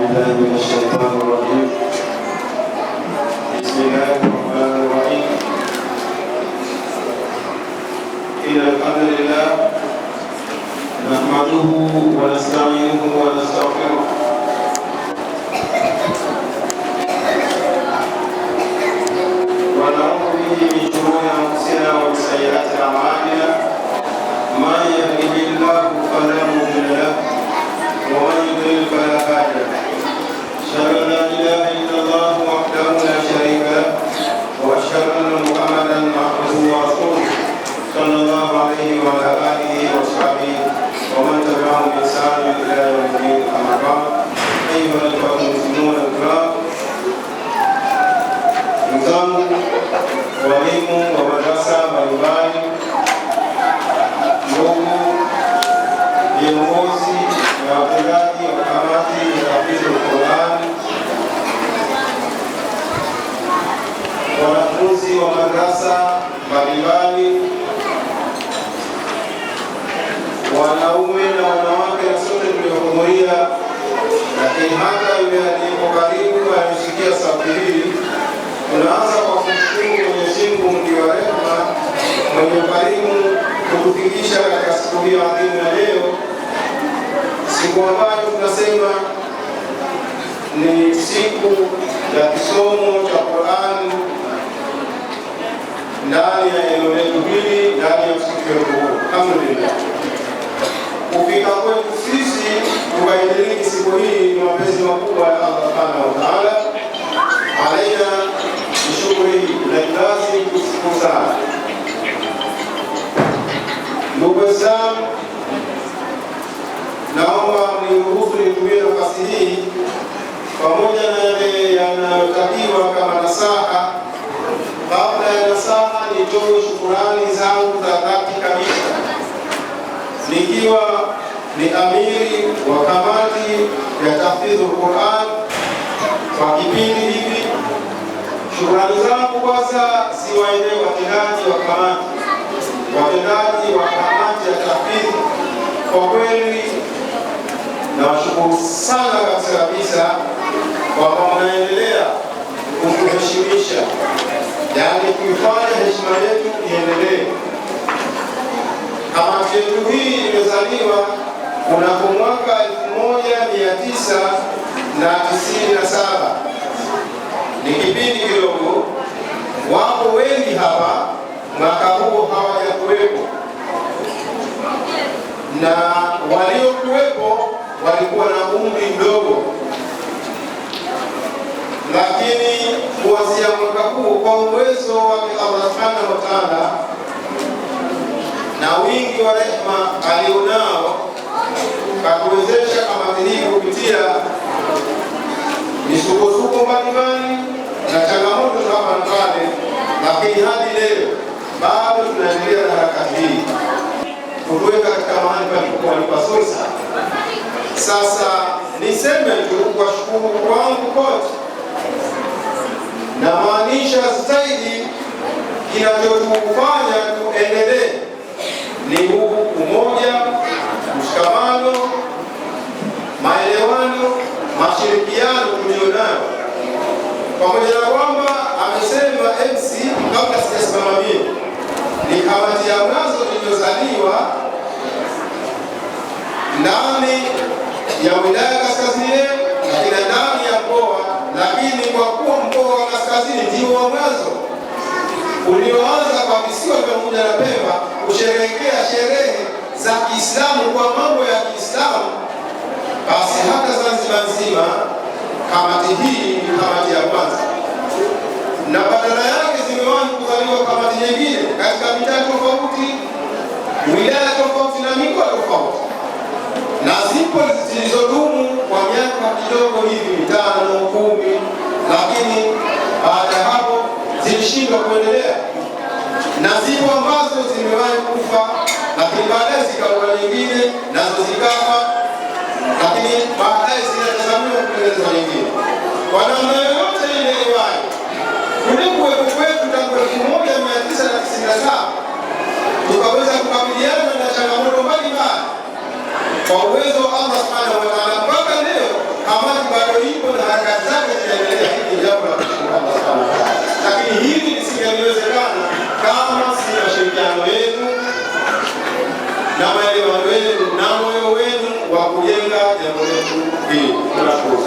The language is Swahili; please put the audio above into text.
بالله من الشيطان الرجيم نحمده ونستعينه ونستغفره wenzangu walimu wa madarasa mbalimbali, ndugu viongozi na watendaji wa kamati ya hafidhi Qurani, wanafunzi wa madarasa mbalimbali, wanaume na wanawake, na sote tuliohudhuria, lakini hata yule aliyeko karibu siku ambayo tunasema ni siku ya kisomo cha Qur'an ndani ya eneo Naomba niruhusu nitumie nafasi hii pamoja na yale yanayotakiwa kama nasaha. Kabla ya nasaha, nitoe shukurani zangu za dhati kabisa, nikiwa ni amiri wa kamati ya tahfidhul Quran kwa kipindi hiki. Shukurani zangu kwanza siwaendee watendaji wa kamati, watendaji wa kamati ya tahfidhi, kwa kweli Nawashukuru sana kabisa kabisa kwamba mnaendelea kutuheshimisha, yaani kuifanya heshima yetu iendelee. Kamati yetu hii imezaliwa kunako mwaka 1997 ni kipindi kidogo, wapo wengi hapa mwaka huo hawajakuwepo na waliokuwepo walikuwa na umri mdogo, lakini kuanzia mwaka huu kwa uwezo wake Allah subhanahu wa taala na wingi wa rehema alionao, katuwezesha kamati hii kupitia misukosuko mbalimbali na changamoto za na lakini hadi leo bado tunaendelea na harakati hii kutuweka katika mahali palipokuwa ni pazuri sasa niseme tu kwa shukuru kwangu kote, namaanisha zaidi kinachotufanya tuendelee ni huu umoja, mshikamano, maelewano, mashirikiano tulionayo, pamoja na kwamba amesema MC kabla sijasimama mimi ni kamati ya mwanzo iliyozaliwa ndani ya wilaya kaskazini, kina ndani ya mkoa, lakini kwa kuwa mkoa wa kaskazini ndio wa mwanzo ulioanza kwa visiwa vya Unguja na Pemba kusherehekea sherehe za Kiislamu kwa mambo ya Kiislamu, basi hata Zanzibar nzima kamati hii ni kamati ya kwanza, na badala yake zimewahi kuzaliwa kamati nyingine katika mitaa tofauti wilaya zilizodumu kwa miaka kidogo hivi mitano kumi, lakini baada ya hapo zilishindwa kuendelea, na zipo ambazo zimewahi kufa, lakini baadaye zikaua nyingine nazo zikafa, lakini baadaye zinatazamiwa kutengenezwa nyingine kwa namna yoyote ile iwayo. Kulikuwepo kwetu tangu elfu moja mia tisa na tisini na saba kwa uwezo wa Allah subhanahu wa ta'ala, mpaka leo hamadi bado ipo na harakati zake zinaendelea. Hili jambo la lakini hivi lisingewezekana kama si mashirikiano yenu na maelewano yenu na moyo wenu wa kujenga jambo letu hili. Tunashukuru.